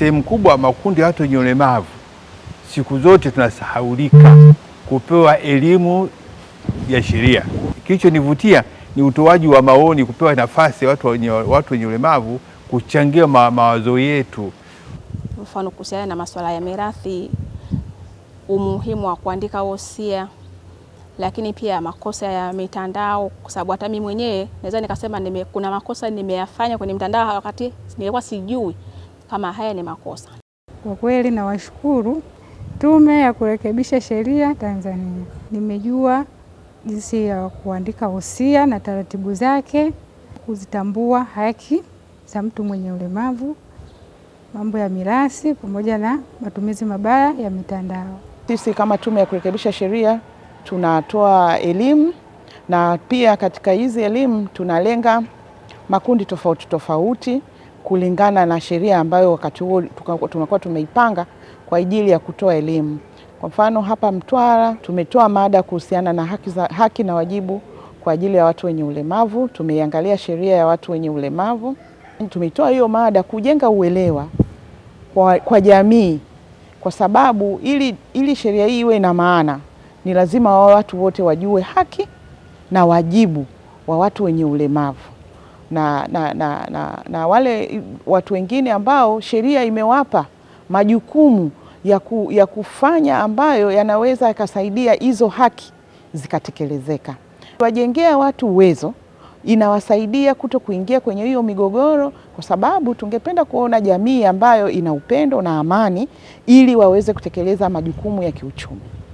sehemu kubwa makundi ya watu wenye ulemavu siku zote tunasahaulika kupewa elimu ya sheria. Kilichonivutia ni utoaji wa maoni, kupewa nafasi watu wenye watu wenye ulemavu kuchangia ma, mawazo yetu, mfano kuhusiana na masuala ya mirathi, umuhimu wa kuandika wosia, lakini pia makosa ya mitandao, kwa sababu hata mimi mwenyewe naweza nikasema nime, kuna makosa nimeyafanya kwenye mtandao wakati nilikuwa sijui kama haya ni makosa. Kwa kweli nawashukuru Tume ya Kurekebisha Sheria Tanzania. Nimejua jinsi ya kuandika wosia na taratibu zake, kuzitambua haki za mtu mwenye ulemavu, mambo ya mirathi pamoja na matumizi mabaya ya mitandao. Sisi kama Tume ya Kurekebisha Sheria tunatoa elimu na pia katika hizi elimu tunalenga makundi tofauti tofauti kulingana na sheria ambayo wakati huo tumekuwa tumeipanga kwa ajili ya kutoa elimu. Kwa mfano hapa Mtwara tumetoa mada kuhusiana na haki, za, haki na wajibu kwa ajili ya watu wenye ulemavu. Tumeiangalia sheria ya watu wenye ulemavu, tumetoa hiyo mada kujenga uelewa kwa, kwa jamii, kwa sababu ili, ili sheria hii iwe na maana ni lazima watu wote wajue haki na wajibu wa watu wenye ulemavu na, na, na, na, na wale watu wengine ambao sheria imewapa majukumu ya, ku, ya kufanya ambayo yanaweza yakasaidia hizo haki zikatekelezeka. Wajengea watu uwezo inawasaidia kuto kuingia kwenye hiyo migogoro, kwa sababu tungependa kuona jamii ambayo ina upendo na amani, ili waweze kutekeleza majukumu ya kiuchumi.